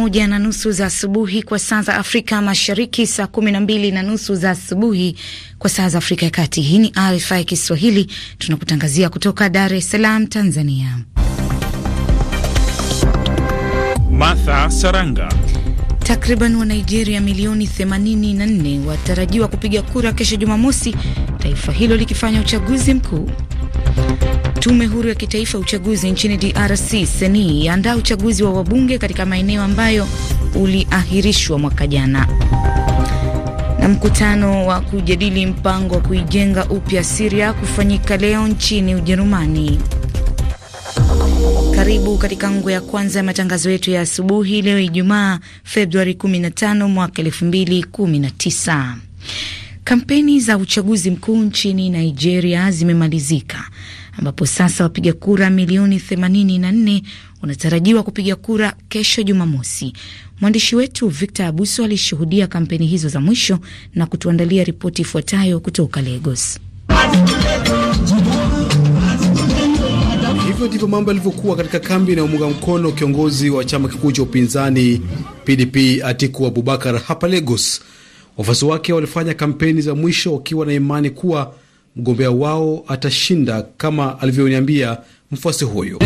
moja na nusu za asubuhi kwa saa za Afrika Mashariki, saa kumi na mbili na nusu za asubuhi kwa saa za Afrika ya Kati. Hii ni RFI Kiswahili, tunakutangazia kutoka Dar es Salaam, Tanzania. Martha Saranga. Takriban wa Nigeria milioni 84 watarajiwa kupiga kura kesho Jumamosi, taifa hilo likifanya uchaguzi mkuu. Tume huru ya kitaifa ya uchaguzi nchini DRC seni yaandaa uchaguzi wa wabunge katika maeneo ambayo uliahirishwa mwaka jana. Na mkutano wa kujadili mpango wa kuijenga upya Syria kufanyika leo nchini Ujerumani. Karibu katika ngo ya kwanza ya matangazo yetu ya asubuhi leo Ijumaa, Februari 15 mwaka 2019. Kampeni za uchaguzi mkuu nchini Nigeria zimemalizika ambapo sasa wapiga kura milioni 84 wanatarajiwa kupiga kura kesho Jumamosi. Mwandishi wetu Victor Abuso alishuhudia kampeni hizo za mwisho na kutuandalia ripoti ifuatayo kutoka Lagos. Hivyo ndivyo mambo yalivyokuwa katika kambi inayomuunga mkono kiongozi wa chama kikuu cha upinzani PDP Atiku Abubakar hapa Lagos Wafuasi wake walifanya kampeni za mwisho wakiwa na imani kuwa mgombea wao atashinda, kama alivyoniambia mfuasi huyo.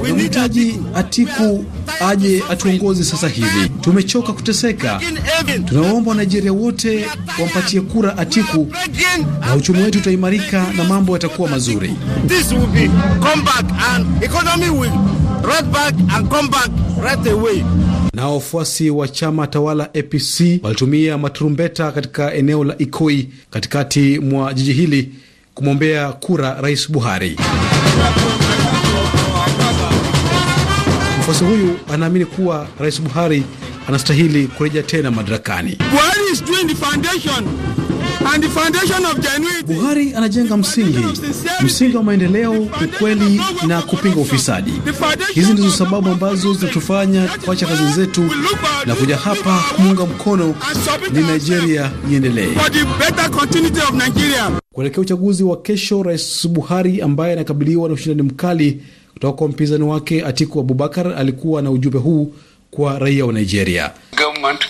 Tunamhitaji Atiku aje atuongoze sasa hivi, tumechoka kuteseka. Tunawaomba Wanigeria wote wampatie kura Atiku na uchumi wetu utaimarika na mambo yatakuwa mazuri. This will be come back and economy will back and come back right away na wafuasi wa chama tawala APC walitumia maturumbeta katika eneo la Ikoi katikati mwa jiji hili kumwombea kura Rais Buhari. Mfuasi huyu anaamini kuwa Rais Buhari anastahili kurejea tena madarakani. Buhari is doing the foundation And the foundation of genuity. Buhari anajenga msingi, msingi wa maendeleo, ukweli na kupinga ufisadi. Hizi ndizo sababu ambazo zinatufanya kuacha kazi zetu na kuja hapa kumuunga mkono ni Nigeria iendelee. Kuelekea uchaguzi wa kesho, Rais Buhari ambaye anakabiliwa na ushindani mkali kutoka kwa mpinzani wake Atiku Abubakar alikuwa na ujumbe huu kwa raia wa Nigeria. Government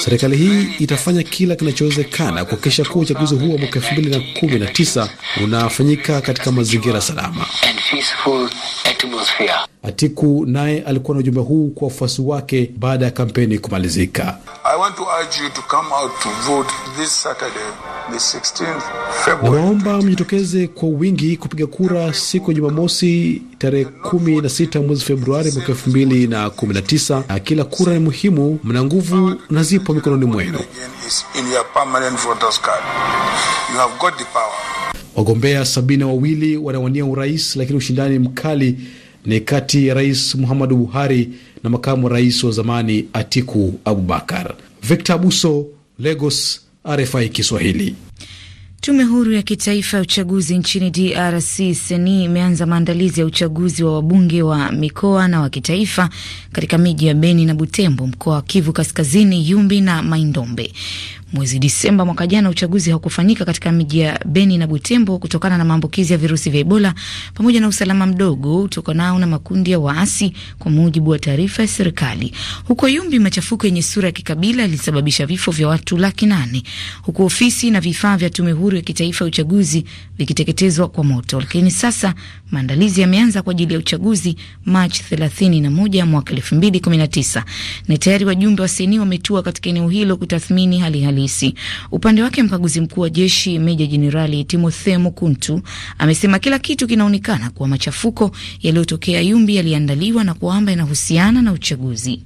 Serikali hii itafanya kila kinachowezekana kuhakikisha kuwa uchaguzi huo wa mwaka tisa unafanyika katika mazingira salama. Atiku naye alikuwa na ujumbe huu kwa wafuasi wake baada ya kampeni kumalizika. Naomba mjitokeze kwa wingi kupiga kura siku ya Jumamosi tarehe 16 mwezi Februari mwaka 219 na kila kura ni muhimu. Mna nguvu na zipo mikononi mwenu. Wagombea sabini na wawili wanawania urais, lakini ushindani mkali ni kati ya Rais Muhammadu Buhari na makamu rais wa zamani Atiku Abubakar. Victor Buso, Lagos, RFI Kiswahili. Tume huru ya kitaifa ya uchaguzi nchini DRC seni imeanza maandalizi ya uchaguzi wa wabunge wa mikoa na wa kitaifa katika miji ya Beni na Butembo, mkoa wa Kivu Kaskazini, Yumbi na Maindombe. Mwezi Disemba mwaka jana uchaguzi haukufanyika katika miji ya Beni na Butembo kutokana na maambukizi ya virusi vya Ebola pamoja na usalama mdogo utokanao na makundi ya waasi, kwa mujibu wa taarifa ya serikali. Huko Yumbi, machafuko yenye sura ya kikabila yalisababisha vifo vya watu laki nane huku ofisi na vifaa vya tume huru ya kitaifa ya uchaguzi vikiteketezwa kwa moto. Lakini sasa maandalizi yameanza kwa ajili ya uchaguzi Machi 31 mwaka 2019 na tayari wajumbe wa seni wametua katika eneo hilo kutathmini hali hali halisi. Upande wake mkaguzi mkuu wa jeshi meja jenerali timothe Mukuntu amesema kila kitu kinaonekana kuwa machafuko yaliyotokea Yumbi yaliandaliwa na kwamba yanahusiana na uchaguzi.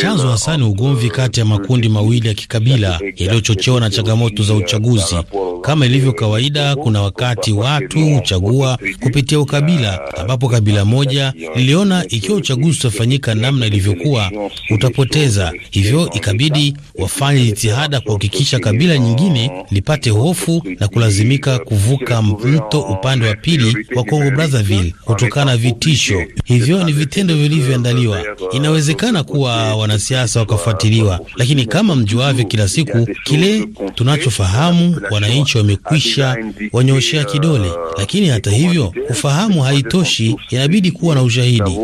Chanzo hasa ni ugomvi kati ya makundi mawili ya kikabila yaliyochochewa na changamoto za uchaguzi kama ilivyo kawaida, kuna wakati watu huchagua kupitia ukabila, ambapo kabila moja liliona ikiwa uchaguzi utafanyika namna ilivyokuwa utapoteza, hivyo ikabidi wafanye jitihada kuhakikisha kabila nyingine lipate hofu na kulazimika kuvuka mto upande wa pili wa Kongo Brazzaville kutokana na vitisho. Hivyo ni vitendo vilivyoandaliwa. Inawezekana kuwa wanasiasa wakafuatiliwa, lakini kama mjuavyo, kila siku kile tunachofahamu wananchi wananchi wamekwisha wanyoshea kidole, uh, lakini hata hivyo ufahamu haitoshi, inabidi kuwa na ushahidi.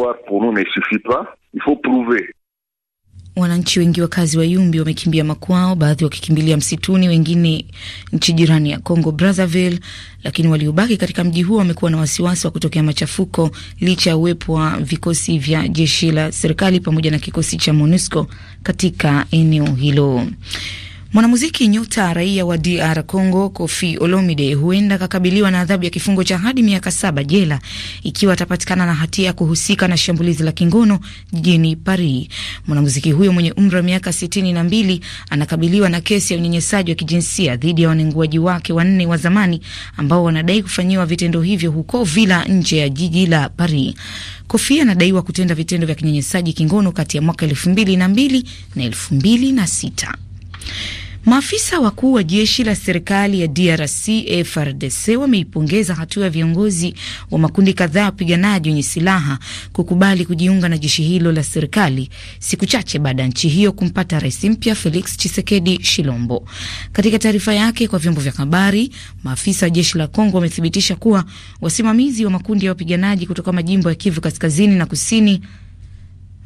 Wananchi wengi wakazi wa Yumbi wamekimbia makwao, baadhi wakikimbilia msituni, wengine nchi jirani ya Congo Brazzaville, lakini waliobaki katika mji huo wamekuwa na wasiwasi wa kutokea machafuko licha ya uwepo wa vikosi vya jeshi la serikali pamoja na kikosi cha MONUSCO katika eneo hilo. Mwanamuziki nyota raia wa DR Congo Kofi Olomide huenda akakabiliwa na adhabu ya kifungo cha hadi miaka saba jela ikiwa atapatikana na hatia ya kuhusika na shambulizi la kingono jijini Paris. Mwanamuziki huyo mwenye umri wa miaka sitini na mbili anakabiliwa na kesi ya unyenyesaji wa kijinsia dhidi ya wanenguaji wake wanne wa zamani ambao wanadai kufanyiwa vitendo hivyo huko Vila nje ya jiji la Paris. Kofi anadaiwa kutenda vitendo vya kinyenyesaji kingono kati ya mwaka elfu mbili na mbili na elfu mbili na sita. Maafisa wakuu wa jeshi la serikali ya DRC frdc wameipongeza hatua ya viongozi wa makundi kadhaa ya wapiganaji wenye silaha kukubali kujiunga na jeshi hilo la serikali siku chache baada ya nchi hiyo kumpata rais mpya Felix Tshisekedi shilombo Katika taarifa yake kwa vyombo vya habari, maafisa wa jeshi la Kongo wamethibitisha kuwa wasimamizi wa makundi ya wapiganaji kutoka majimbo ya Kivu kaskazini na kusini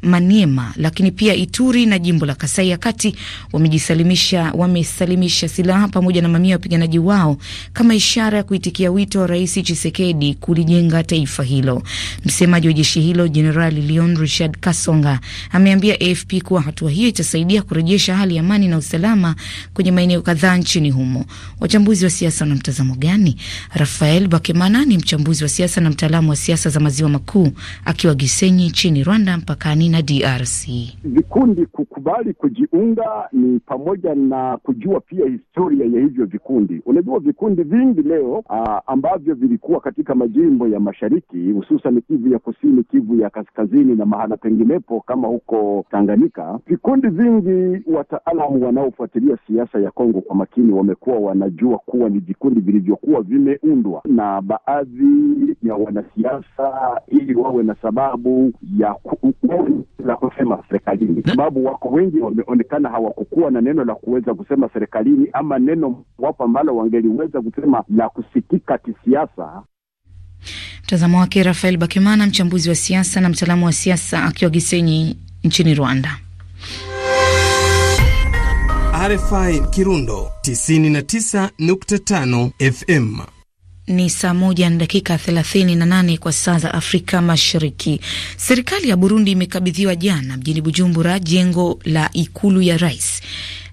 Maniema, lakini pia Ituri na jimbo la Kasai ya Kati wamejisalimisha wamesalimisha silaha pamoja na mamia wapiganaji wao kama ishara ya kuitikia wito wa Rais Chisekedi kulijenga taifa hilo. Msemaji wa jeshi hilo Jenerali Leon Richard Kasonga ameambia AFP kuwa hatua hiyo itasaidia kurejesha hali ya amani na usalama kwenye maeneo kadhaa nchini humo. Wachambuzi wa siasa wana mtazamo gani? Rafael Bakemana ni mchambuzi wa siasa na mtaalamu wa siasa za maziwa makuu akiwa Gisenyi nchini Rwanda mpakani na DRC. Vikundi kukubali kujiunga ni pamoja na kujua pia historia ya hivyo vikundi. Unajua vikundi vingi leo uh, ambavyo vilikuwa katika majimbo ya mashariki hususan Kivu ya kusini, Kivu ya kaskazini na mahala penginepo kama huko Tanganyika, vikundi vingi, wataalamu wanaofuatilia siasa ya Kongo kwa makini wamekuwa wanajua kuwa ni vikundi vilivyokuwa vimeundwa na baadhi ya wanasiasa ili wawe na sababu ya ku, la kusema serikalini, sababu wako wengi wameonekana hawakukuwa na neno la kuweza kusema serikalini ama neno wapo ambalo wangeliweza kusema la kusikika kisiasa. Mtazamo wake Rafael bakimana mchambuzi wa siasa na mtaalamu wa siasa, akiwa Gisenyi nchini Rwanda. RFI Kirundo 99.5 FM. Ni saa moja na dakika 38 kwa saa za Afrika Mashariki. Serikali ya Burundi imekabidhiwa jana mjini Bujumbura jengo la ikulu ya rais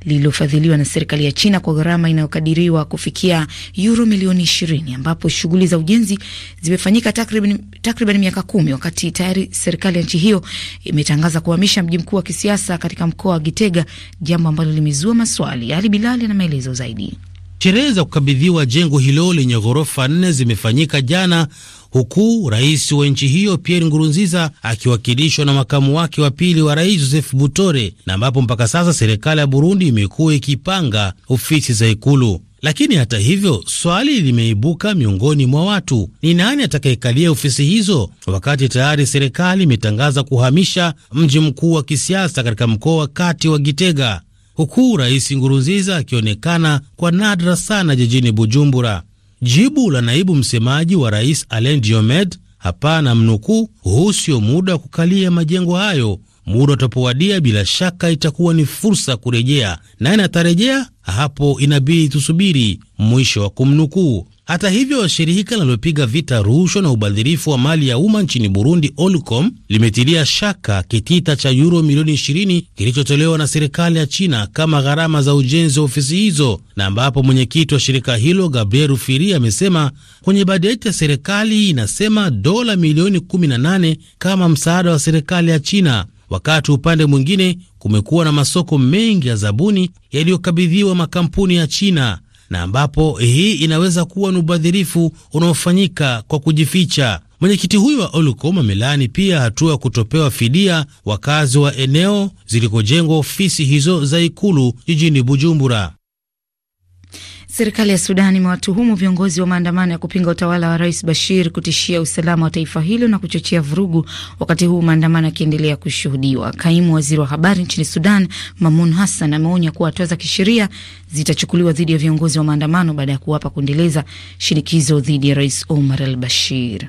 lililofadhiliwa na serikali ya China kwa gharama inayokadiriwa kufikia yuro milioni 20, ambapo shughuli za ujenzi zimefanyika takriban takriban miaka kumi, wakati tayari serikali ya nchi hiyo imetangaza kuhamisha mji mkuu wa kisiasa katika mkoa wa Gitega, jambo ambalo limezua maswali. Ali Bilali ana maelezo zaidi. Sherehe za kukabidhiwa jengo hilo lenye ghorofa nne zimefanyika jana, huku rais wa nchi hiyo Pierre Nkurunziza akiwakilishwa na makamu wake wa pili wa rais Joseph Butore, na ambapo mpaka sasa serikali ya Burundi imekuwa ikipanga ofisi za Ikulu. Lakini hata hivyo, swali limeibuka miongoni mwa watu, ni nani atakayekalia ofisi hizo, wakati tayari serikali imetangaza kuhamisha mji mkuu wa kisiasa katika mkoa wa kati wa Gitega huku Rais Ngurunziza akionekana kwa nadra sana jijini Bujumbura. Jibu la naibu msemaji wa rais Alain Diomed, hapana mnukuu, huu sio muda wa kukalia majengo hayo, muda utapowadia bila shaka itakuwa ni fursa kurejea, naye atarejea hapo, inabidi tusubiri, mwisho wa kumnukuu. Hata hivyo, shirika linalopiga vita rushwa na ubadhirifu wa mali ya umma nchini Burundi, Olcom, limetilia shaka kitita cha yuro milioni 20 kilichotolewa na serikali ya China kama gharama za ujenzi wa ofisi hizo, na ambapo mwenyekiti wa shirika hilo Gabriel Rufiri amesema kwenye bajeti ya serikali inasema dola milioni 18 kama msaada wa serikali ya China. Wakati upande mwingine kumekuwa na masoko mengi ya zabuni yaliyokabidhiwa makampuni ya China na ambapo hii inaweza kuwa ni ubadhirifu unaofanyika kwa kujificha. Mwenyekiti huyu wa Olucom amelaani pia hatua ya kutopewa fidia wakazi wa eneo zilikojengwa ofisi hizo za ikulu jijini Bujumbura. Serikali ya Sudan imewatuhumu viongozi wa maandamano ya kupinga utawala wa Rais Bashir kutishia usalama wa taifa hilo na kuchochea vurugu, wakati huu maandamano yakiendelea kushuhudiwa. Kaimu waziri wa habari nchini Sudan, Mamun Hassan, ameonya kuwa hatua za kisheria zitachukuliwa dhidi ya viongozi wa maandamano baada ya kuwapa kuendeleza shinikizo dhidi ya Rais Omar al Bashir.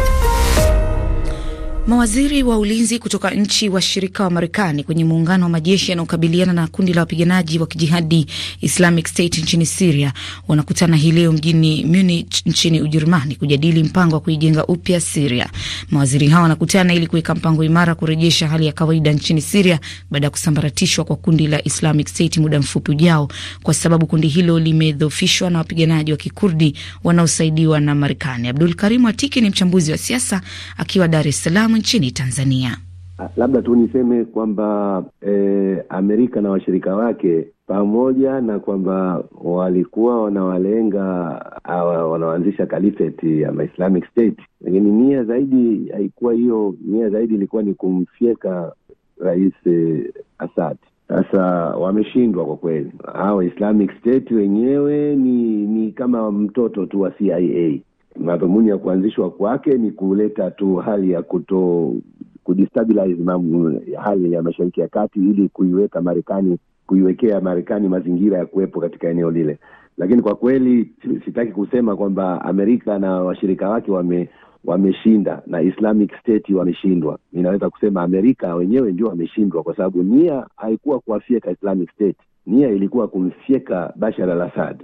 Mawaziri wa ulinzi kutoka nchi washirika wa Marekani kwenye muungano wa majeshi yanayokabiliana na kundi la wapiganaji wa kijihadi Islamic State nchini Siria wanakutana hii leo mjini Munich nchini Ujerumani kujadili mpango wa kuijenga upya Siria. Mawaziri hao wanakutana ili kuweka mpango imara kurejesha hali ya kawaida nchini Siria baada ya kusambaratishwa kwa kundi la Islamic State muda mfupi ujao, kwa sababu kundi hilo limedhofishwa na wapiganaji wa kikurdi wanaosaidiwa na Marekani. Abdul Karimu Atiki ni mchambuzi wa siasa akiwa Dar es Salaam. Kiislamu nchini Tanzania? Ah, labda tu niseme kwamba e, Amerika na washirika wake pamoja na kwamba walikuwa wanawalenga ah, wanaanzisha kalifeti ama Islamic State, lakini nia zaidi haikuwa hiyo. Nia zaidi ilikuwa ni kumfyeka Rais eh, Assad. Sasa wameshindwa kwa kweli. Hao Islamic State wenyewe ni, ni kama mtoto tu wa CIA madhumuni ya kuanzishwa kwake ni kuleta tu hali ya kuto kudestabilize hali ya Mashariki ya Kati ili kuiweka Marekani kuiwekea Marekani mazingira ya kuwepo katika eneo lile. Lakini kwa kweli sitaki kusema kwamba Amerika na washirika wake wame wameshinda na Islamic State wameshindwa. inaweza kusema Amerika wenyewe ndio wameshindwa, kwa sababu nia haikuwa kuwafyeka Islamic State, nia ilikuwa kumfyeka Bashar al-Assad.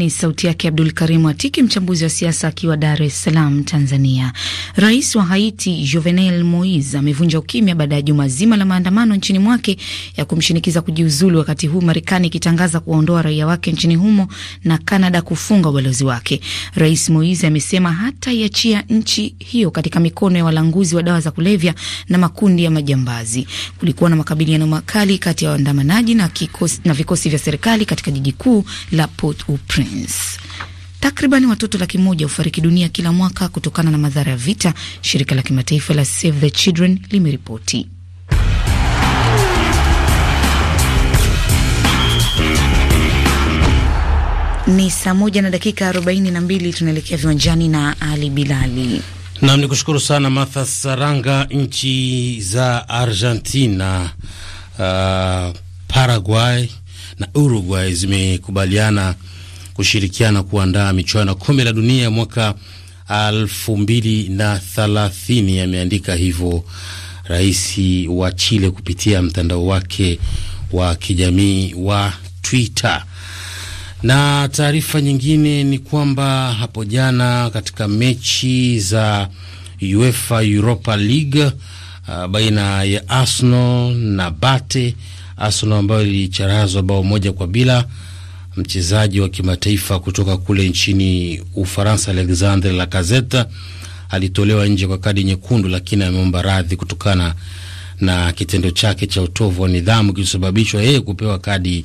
Ni sauti yake Abdul Karimu Atiki, mchambuzi wa siasa akiwa Dar es Salaam, Tanzania. Rais wa Haiti Jovenel Moise amevunja ukimya baada ya juma zima la maandamano nchini mwake ya kumshinikiza kujiuzulu, wakati huu Marekani ikitangaza kuwaondoa raia wake nchini humo na Kanada kufunga ubalozi wake. Rais Moise amesema hataiachia nchi hiyo katika mikono ya walanguzi wa dawa za kulevya na makundi ya majambazi. Kulikuwa na makabiliano makali kati ya waandamanaji na, na vikosi vya serikali katika jiji kuu la Port au Prince. Alliance. Takriban watoto laki moja hufariki dunia kila mwaka kutokana na madhara ya vita, shirika la kimataifa la Save the Children limeripoti. Ni saa moja na dakika 42. Tunaelekea viwanjani na Ali Bilali. Nam ni kushukuru sana Martha Saranga. Nchi za Argentina, uh, Paraguay na Uruguay zimekubaliana kushirikiana kuandaa michuano kombe la dunia mwaka thalathini. Ameandika hivyo rais wa Chile kupitia mtandao wake wa kijamii wa Twitter. Na taarifa nyingine ni kwamba hapo jana katika mechi za UEFA Europa League uh, baina ya Arsenal na Bate, Arsenal ambayo ilicharazwa bao moja kwa bila mchezaji wa kimataifa kutoka kule nchini Ufaransa, Alexandre Lacazette alitolewa nje kwa kadi nyekundu, lakini ameomba radhi kutokana na kitendo chake cha utovu wa nidhamu kilisababishwa yeye kupewa kadi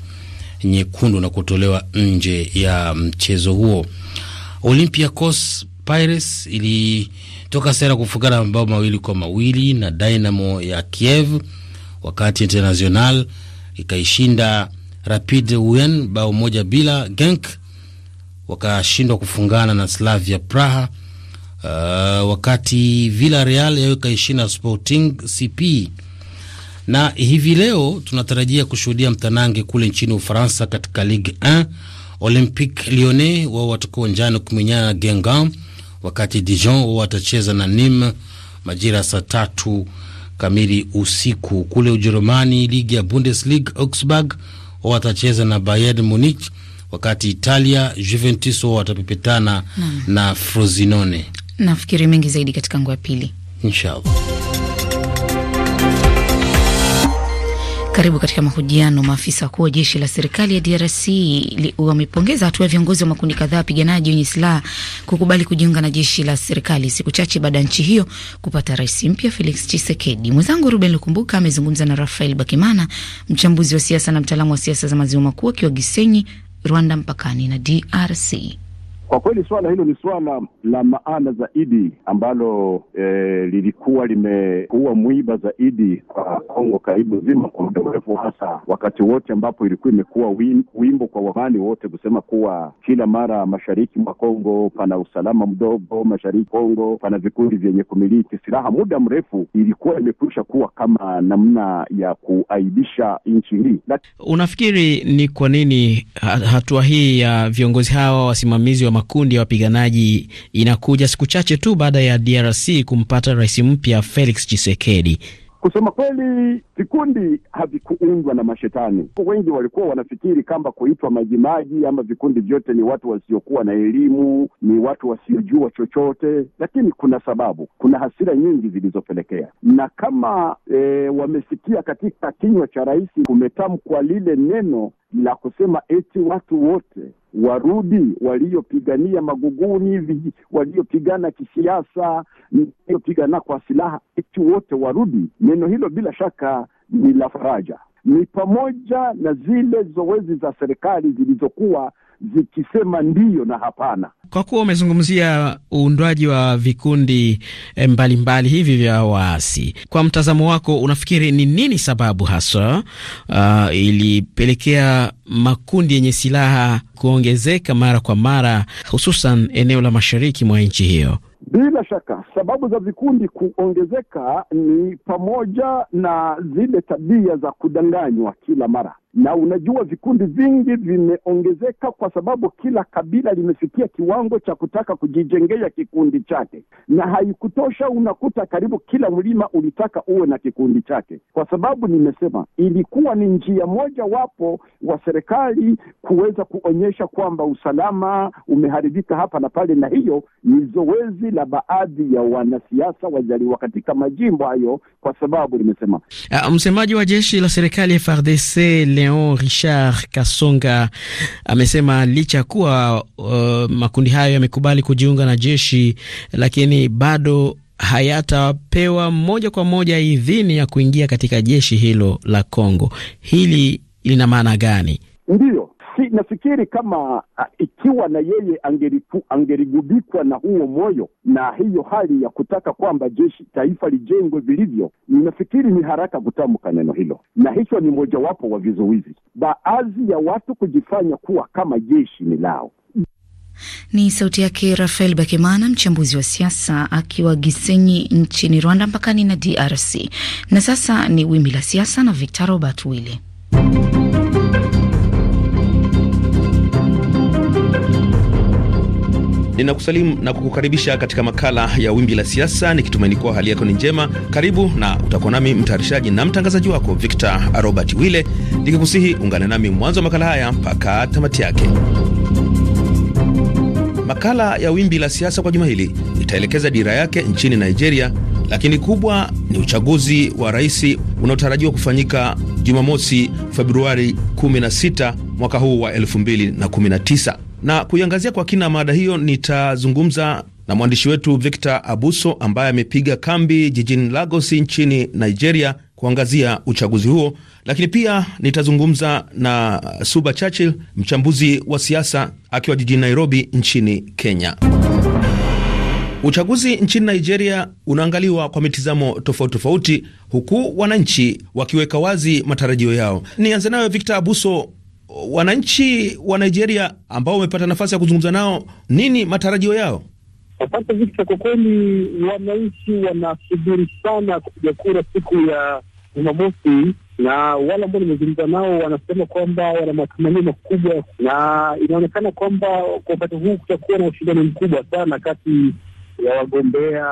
nyekundu na kutolewa nje ya mchezo huo. Olympiacos Pires ilitoka sera kufungana mabao mawili kwa mawili na Dynamo ya Kiev, wakati International ikaishinda Rapid Wien bao moja bila. Genk wakashindwa kufungana na Slavia Praha. Uh, wakati Villarreal yao ishina Sporting CP. Na hivi leo tunatarajia kushuhudia mtanange kule nchini Ufaransa katika Ligue 1. Olympique Lyonnais wao watakuwa njano kumenyana na Gengan, wakati Dijon wao watacheza na Nim majira saa tatu kamili usiku. Kule Ujerumani, ligi ya Bundesliga Augsburg wao watacheza na Bayern Munich, wakati Italia Juventus wao watapepetana na, na Frosinone. Nafikiri mengi zaidi katika nguo ya pili, inshallah. Karibu katika mahojiano. Maafisa wakuu wa jeshi la serikali ya DRC wamepongeza hatua ya viongozi wa makundi kadhaa wapiganaji wenye silaha kukubali kujiunga na jeshi la serikali siku chache baada ya nchi hiyo kupata rais mpya Felix Tshisekedi. Mwenzangu Ruben Lukumbuka amezungumza na Rafael Bakimana, mchambuzi wa siasa na mtaalamu wa siasa za maziwa makuu, akiwa Gisenyi, Rwanda, mpakani na DRC. Kwa kweli suala hilo ni suala la maana zaidi ambalo e, lilikuwa limekuwa mwiba zaidi kwa Kongo karibu zima kwa muda mrefu, hasa wakati wote ambapo ilikuwa imekuwa wimbo kwa wamani wote kusema kuwa kila mara mashariki mwa Kongo pana usalama mdogo, mashariki Kongo pana vikundi vyenye kumiliki silaha. Muda mrefu ilikuwa imekwisha kuwa kama namna ya kuaibisha nchi hii. Unafikiri ni kwa nini hatua hii ya viongozi hawa wasimamizi wa makundi ya wapiganaji inakuja siku chache tu baada ya DRC kumpata rais mpya Felix Tshisekedi. Kusema kweli, vikundi havikuundwa na mashetani. Wengi walikuwa wanafikiri kwamba kuitwa majimaji ama vikundi vyote ni watu wasiokuwa na elimu, ni watu wasiojua chochote, lakini kuna sababu, kuna hasira nyingi zilizopelekea. Na kama e, wamesikia katika kinywa cha rais kumetamkwa lile neno la kusema eti watu wote warudi waliopigania maguguni hivi, waliopigana kisiasa, waliopigana kwa silaha, eti wote warudi. Neno hilo bila shaka ni la faraja, ni pamoja na zile zoezi za serikali zilizokuwa zikisema ndiyo na hapana. Kwa kuwa umezungumzia uundwaji wa vikundi eh, mbalimbali mbali hivi vya waasi, kwa mtazamo wako, unafikiri ni nini sababu haswa uh, ilipelekea makundi yenye silaha kuongezeka mara kwa mara, hususan eneo la mashariki mwa nchi hiyo? Bila shaka sababu za vikundi kuongezeka ni pamoja na zile tabia za kudanganywa kila mara na unajua vikundi vingi vimeongezeka kwa sababu kila kabila limefikia kiwango cha kutaka kujijengea kikundi chake, na haikutosha, unakuta karibu kila mlima ulitaka uwe na kikundi chake, kwa sababu nimesema ilikuwa ni njia moja wapo wa serikali kuweza kuonyesha kwamba usalama umeharibika hapa na pale, na hiyo ni zoezi la baadhi ya wanasiasa wajaliwa katika majimbo hayo, kwa sababu nimesema uh, msemaji wa jeshi la serikali FARDC Leon Richard Kasonga amesema licha ya kuwa uh, makundi hayo yamekubali kujiunga na jeshi lakini bado hayatapewa moja kwa moja idhini ya kuingia katika jeshi hilo la Kongo. Hili lina maana gani? Ndiyo, si, nafikiri kama uh, ikiwa na yeye angerigubikwa na huo moyo na hiyo hali ya kutaka kwamba jeshi taifa lijengwe vilivyo, ninafikiri ni haraka kutamka neno hilo, na hicho ni mojawapo wa vizuizi, baadhi ya watu kujifanya kuwa kama jeshi ni lao. Ni sauti yake Rafael bakimana mchambuzi wa siasa akiwa Gisenyi nchini Rwanda, mpakani na DRC. Na sasa ni wimbi la siasa na Victor Robert Wille. Ninakusalimu na kukukaribisha katika makala ya Wimbi la Siasa, nikitumaini kuwa hali yako ni njema. Karibu na utakuwa nami mtayarishaji na mtangazaji wako Victor Robert Wille, nikikusihi ungane nami mwanzo wa makala haya mpaka tamati yake. Makala ya Wimbi la Siasa kwa juma hili itaelekeza dira yake nchini Nigeria, lakini kubwa ni uchaguzi wa rais unaotarajiwa kufanyika Jumamosi, Februari 16 mwaka huu wa 219 na kuiangazia kwa kina mada hiyo, nitazungumza na mwandishi wetu Victor Abuso ambaye amepiga kambi jijini Lagos nchini Nigeria kuangazia uchaguzi huo, lakini pia nitazungumza na Suba Churchill, mchambuzi wa siasa akiwa jijini Nairobi nchini Kenya. Uchaguzi nchini Nigeria unaangaliwa kwa mitizamo tofauti tofauti, huku wananchi wakiweka wazi matarajio yao. Nianze nayo Victor Abuso, wananchi wa Nigeria ambao wamepata nafasi ya kuzungumza nao, nini matarajio yao? Asante vita kwa kweli wananchi wanasubiri sana kupiga kura siku ya Jumamosi na wale ambao nimezungumza nao wanasema kwamba wana matumaini makubwa, na inaonekana kwamba kwa wakati huu kutakuwa na ushindani mkubwa sana kati ya wagombea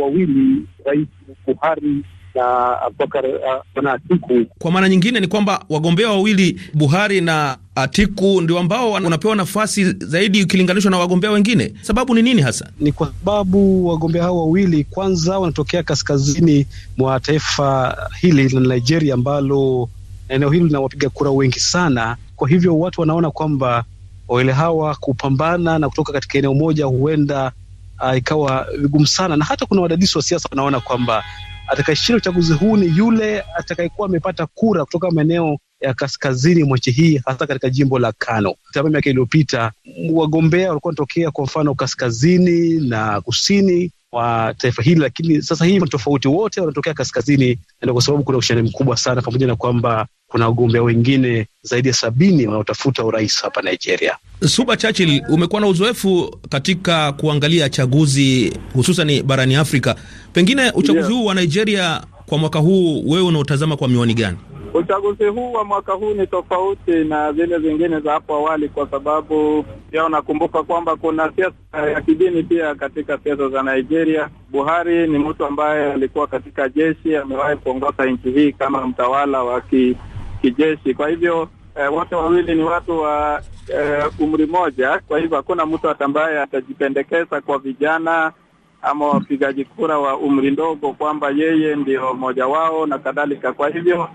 wawili, Rais Buhari na Abubakar Atiku. Kwa maana nyingine ni kwamba wagombea wawili Buhari na Atiku ndio ambao wanapewa nafasi zaidi ukilinganishwa na wagombea wengine. Sababu ni nini hasa? Ni kwa sababu wagombea hao wawili kwanza wanatokea kaskazini mwa taifa hili la Nigeria, ambalo eneo hili lina wapiga kura wengi sana. Kwa hivyo watu wanaona kwamba wawili hawa kupambana na kutoka katika eneo moja huenda uh, ikawa vigumu sana, na hata kuna wadadisi wa siasa wanaona kwamba atakayeshinda uchaguzi huu ni yule atakayekuwa amepata kura kutoka maeneo ya kaskazini mwa nchi hii, hasa katika jimbo la Kano. Tama miaka iliyopita wagombea walikuwa wanatokea kwa mfano kaskazini na kusini wa taifa hili, lakini sasa hivi tofauti wote wanatokea kaskazini, na kwa sababu kuna ushindani mkubwa sana, pamoja na kwamba kuna wagombea wengine zaidi ya sabini wanaotafuta urais hapa Nigeria. Suba Churchill, umekuwa na uzoefu katika kuangalia chaguzi hususan barani Afrika, pengine uchaguzi yeah, huu wa Nigeria kwa mwaka huu, wewe unaotazama kwa miwani gani? Uchaguzi huu wa mwaka huu ni tofauti na zile zingine za hapo awali, kwa sababu pia unakumbuka kwamba kuna siasa ya kidini pia katika siasa za Nigeria. Buhari ni mtu ambaye alikuwa katika jeshi, amewahi kuongoza nchi hii kama mtawala wa ki, kijeshi. Kwa hivyo eh, wote wawili ni watu wa eh, umri moja, kwa hivyo hakuna mtu ambaye atajipendekeza kwa vijana ama wapigaji kura wa umri ndogo kwamba yeye ndio mmoja wao na kadhalika. Kwa hivyo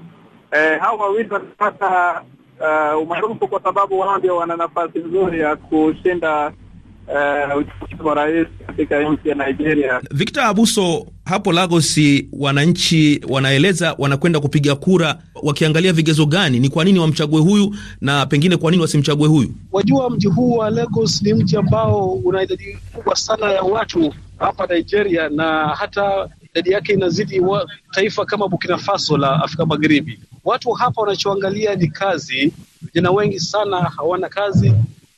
eh, hawa wawili wanapata uh, umaarufu kwa sababu wao ndio wana nafasi nzuri ya kushinda eh, uchaguzi wa rais katika nchi ya Nigeria. Victor Abuso, hapo Lagos wananchi wanaeleza wanakwenda kupiga kura wakiangalia vigezo gani, ni kwa nini wamchague huyu na pengine kwa nini wasimchague huyu? Wajua, mji huu wa Lagos ni mji ambao una idadi kubwa sana ya watu hapa Nigeria, na hata idadi yake inazidi wa taifa kama Burkina Faso la Afrika Magharibi. Watu hapa wanachoangalia ni kazi. Vijana wengi sana hawana kazi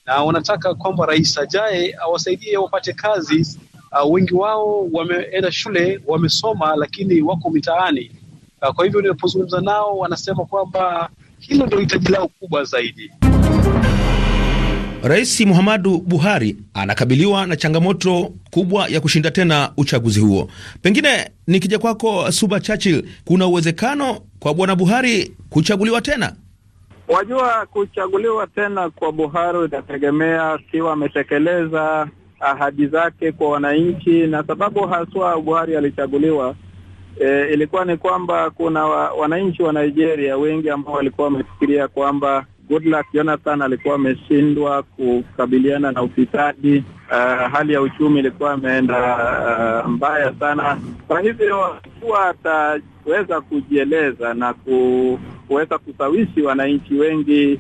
na wanataka kwamba rais ajaye awasaidie wapate kazi. Uh, wengi wao wameenda shule, wamesoma, lakini wako mitaani. Uh, kwa hivyo ninapozungumza nao wanasema kwamba hilo ndio hitaji lao kubwa zaidi. Rais Muhammadu Buhari anakabiliwa na changamoto kubwa ya kushinda tena uchaguzi huo. Pengine nikija kwako, Suba Churchill, kuna uwezekano kwa bwana Buhari kuchaguliwa tena? Wajua, kuchaguliwa tena kwa Buhari itategemea akiwa ametekeleza ahadi zake kwa wananchi, na sababu haswa Buhari alichaguliwa e, ilikuwa ni kwamba kuna wa, wananchi wa Nigeria wengi ambao walikuwa wamefikiria kwamba Goodluck Jonathan alikuwa ameshindwa kukabiliana na ufisadi. Uh, hali ya uchumi ilikuwa imeenda uh, mbaya sana. Kwa hivyo kuwa ataweza kujieleza na kuweza kusawishi wananchi wengi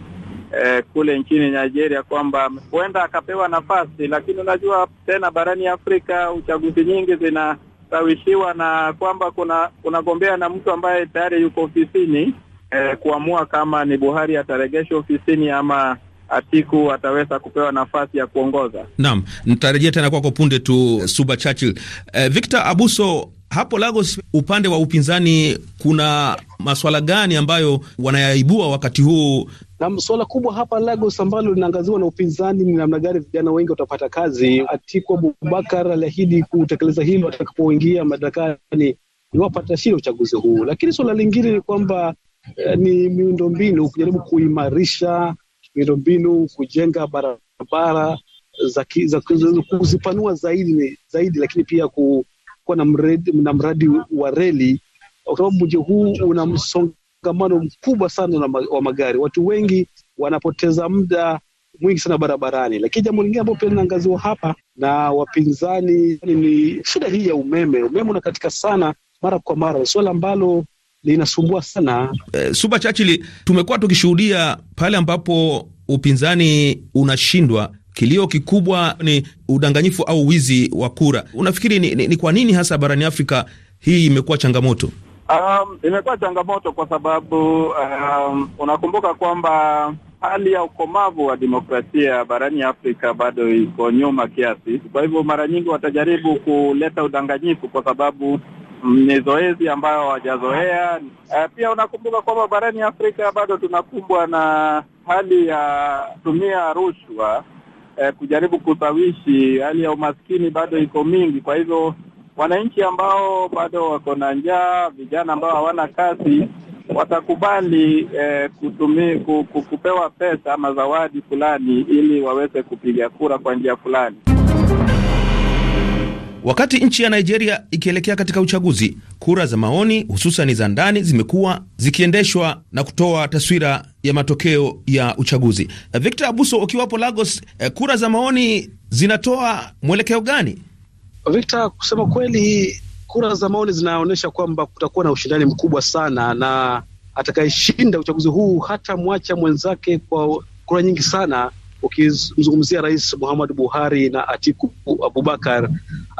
eh, kule nchini Nigeria kwamba huenda akapewa nafasi, lakini unajua tena barani Afrika uchaguzi nyingi zinasawishiwa na kwamba kuna kunagombea na mtu ambaye tayari yuko ofisini eh, kuamua kama ni Buhari ataregeshwa ofisini ama Atiku ataweza kupewa nafasi ya kuongoza. Naam, nitarejea tena kwako punde tu, Suba Churchill. Eh, Victor Abuso, hapo Lagos upande wa upinzani kuna maswala gani ambayo wanayaibua wakati huu? Nam, swala kubwa hapa Lagos ambalo linaangaziwa na upinzani ni namna gani vijana wengi watapata kazi. Atiku Abubakar aliahidi kutekeleza hilo atakapoingia madarakani iwapo atashinda uchaguzi huu, lakini suala lingine ni kwamba ni miundombinu, kujaribu kuimarisha miundombinu, kujenga barabara za, za kuzipanua zaidi zaidi, lakini pia kuwa na mradi, wa reli, kwa sababu mji huu una msongamano mkubwa sana wa magari. Watu wengi wanapoteza muda mwingi sana barabarani. Lakini jambo lingine ambalo pia linaangaziwa hapa na wapinzani ni shida hii ya umeme. Umeme unakatika sana mara kwa mara, suala ambalo linasumbua sana. Eh, Suba Chachili, tumekuwa tukishuhudia pale ambapo upinzani unashindwa kilio kikubwa ni udanganyifu au wizi wa kura. Unafikiri ni, ni, ni kwa nini hasa barani Afrika hii imekuwa changamoto? Um, imekuwa changamoto kwa sababu um, unakumbuka kwamba hali ya ukomavu wa demokrasia barani Afrika bado iko nyuma kiasi. Kwa hivyo mara nyingi watajaribu kuleta udanganyifu, kwa sababu ni zoezi ambayo hawajazoea. Eh, pia unakumbuka kwamba barani Afrika bado tunakumbwa na hali ya kutumia rushwa uh, kujaribu kusawishi. Hali ya umaskini bado iko mingi, kwa hivyo wananchi ambao bado wako na njaa, vijana ambao hawana kazi watakubali eh, kutumi, kupewa pesa ama zawadi fulani ili waweze kupiga kura kwa njia fulani. Wakati nchi ya Nigeria ikielekea katika uchaguzi, kura za maoni hususan za ndani zimekuwa zikiendeshwa na kutoa taswira ya matokeo ya uchaguzi. Victor Abuso, ukiwapo Lagos, eh, kura za maoni zinatoa mwelekeo gani? Victor, kusema kweli, kura za maoni zinaonyesha kwamba kutakuwa na ushindani mkubwa sana, na atakayeshinda uchaguzi huu hata mwacha mwenzake kwa kura nyingi sana ukizungumzia Rais Muhammad Buhari na Atiku Abubakar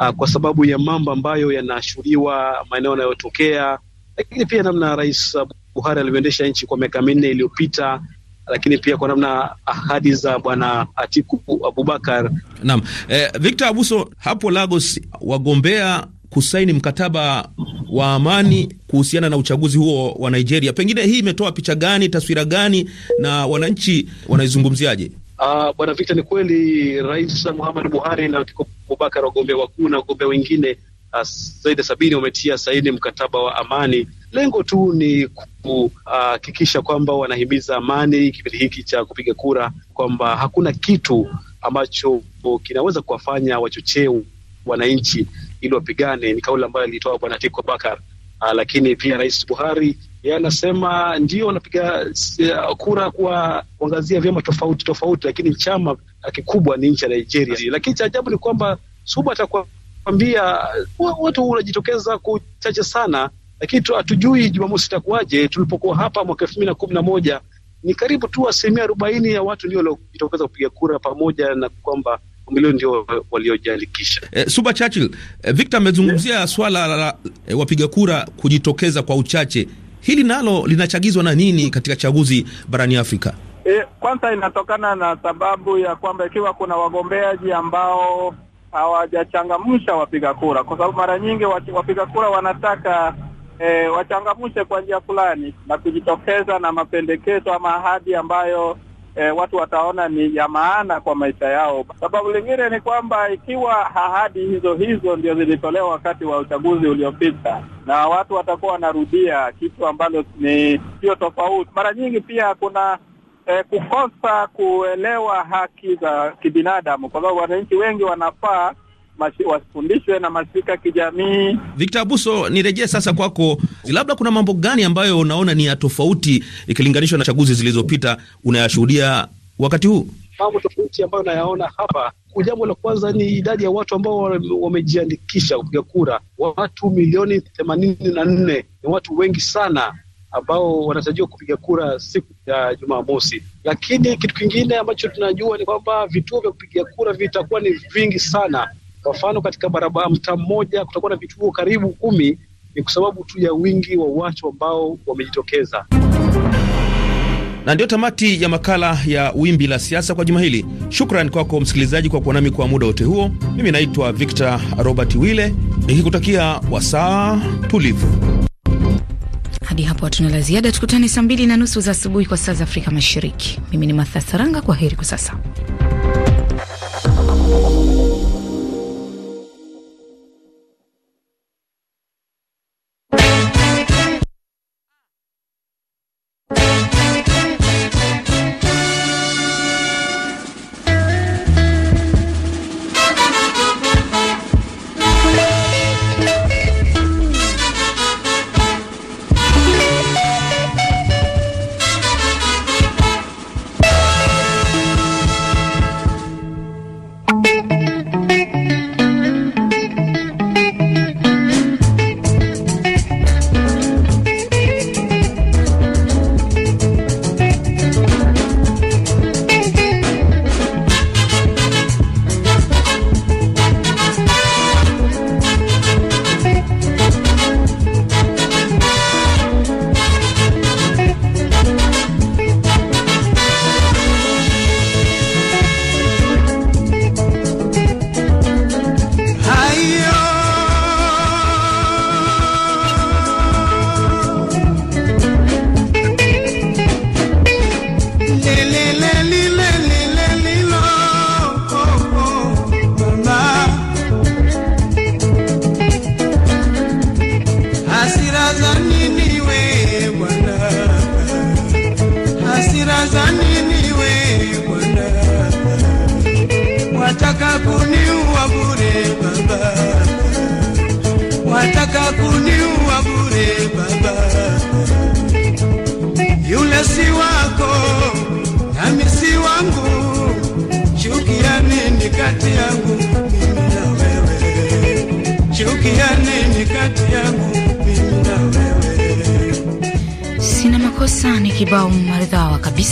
uh, kwa sababu ya mambo ambayo yanashuhudiwa maeneo yanayotokea, lakini pia namna Rais Buhari alivyoendesha nchi kwa miaka minne iliyopita lakini pia kwa namna ahadi za bwana Atiku Abubakar. Naam, eh, Victor Abuso hapo Lagos, wagombea kusaini mkataba wa amani kuhusiana na uchaguzi huo wa Nigeria, pengine hii imetoa picha gani, taswira gani, na wananchi wanaizungumziaje? Uh, bwana Victor, ni kweli Rais Muhammad Buhari na Abubakar wagombea wakuu na wagombea wengine uh, zaidi ya sabini wametia saini mkataba wa amani. Lengo tu ni kuhakikisha uh, kwamba wanahimiza amani kipindi hiki cha kupiga kura, kwamba hakuna kitu ambacho kinaweza kuwafanya wachochee wananchi ili wapigane. Ni kauli ambayo alitoa bwana Atiku Abubakar Uh, lakini pia Rais Buhari yeye anasema ndio anapiga uh, kura kwa kuangazia vyama tofauti tofauti, lakini chama kikubwa ni nchi ya Nigeria. Lakini cha ajabu ni kwamba Suba atakwambia uh, watu wanajitokeza kuchache sana, lakini hatujui Jumamosi itakuwaje. Tulipokuwa hapa mwaka elfu mbili na kumi na moja ni karibu tu asilimia arobaini ya watu ndio waliojitokeza kupiga kura, pamoja na kwamba milioni ndio waliojalikisha. E, eh, Suba Churchill, e, Victor amezungumzia yeah, swala la, la eh, wapiga kura kujitokeza kwa uchache. Hili nalo linachagizwa na nini katika chaguzi barani Afrika? E, kwanza inatokana na sababu ya kwamba ikiwa kuna wagombeaji ambao hawajachangamsha wapiga kura, kwa sababu mara nyingi wapiga kura wanataka e, wachangamshe kwa njia fulani na kujitokeza na mapendekezo ama ahadi ambayo e, watu wataona ni ya maana kwa maisha yao. Sababu lingine ni kwamba ikiwa ahadi hizo hizo ndio zilitolewa wakati wa uchaguzi uliopita na watu watakuwa wanarudia kitu ambalo ni sio tofauti. Mara nyingi pia kuna eh, kukosa kuelewa haki za kibinadamu, kwa sababu wananchi wengi wanafaa wasifundishwe na mashirika kijamii. Victor Abuso, nirejee sasa kwako, labda kuna mambo gani ambayo unaona ni ya tofauti ikilinganishwa na chaguzi zilizopita unayashuhudia wakati huu? Mambo tofauti ambayo nayaona hapa, jambo la kwanza ni idadi ya watu ambao wamejiandikisha kupiga kura, watu milioni themanini na nne. Ni watu wengi sana ambao wanatarajiwa kupiga kura siku ya Jumamosi. Lakini kitu kingine ambacho tunajua ni kwamba vituo vya kupiga kura vitakuwa ni vingi sana, kwa mfano katika barabara mtaa mmoja kutakuwa na vituo karibu kumi, ni kwa sababu tu ya wingi wa watu ambao wamejitokeza. Na ndiyo tamati ya makala ya Wimbi la Siasa kwa juma hili. Shukran kwako msikilizaji kwa kuwa nami kwa muda wote huo. Mimi naitwa Victor Robert Wille nikikutakia wasaa tulivu. Hadi hapo hatuna la ziada, tukutane saa mbili na nusu za asubuhi kwa saa za Afrika Mashariki. Mimi ni Matha Saranga, kwa heri kwa sasa.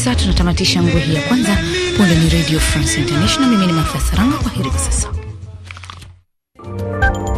sasa tunatamatisha nguo hii ya kwanza. Punde ni Radio France International. Mimi ni Mafasaranga. Saranga, kwa heri kwa sasa.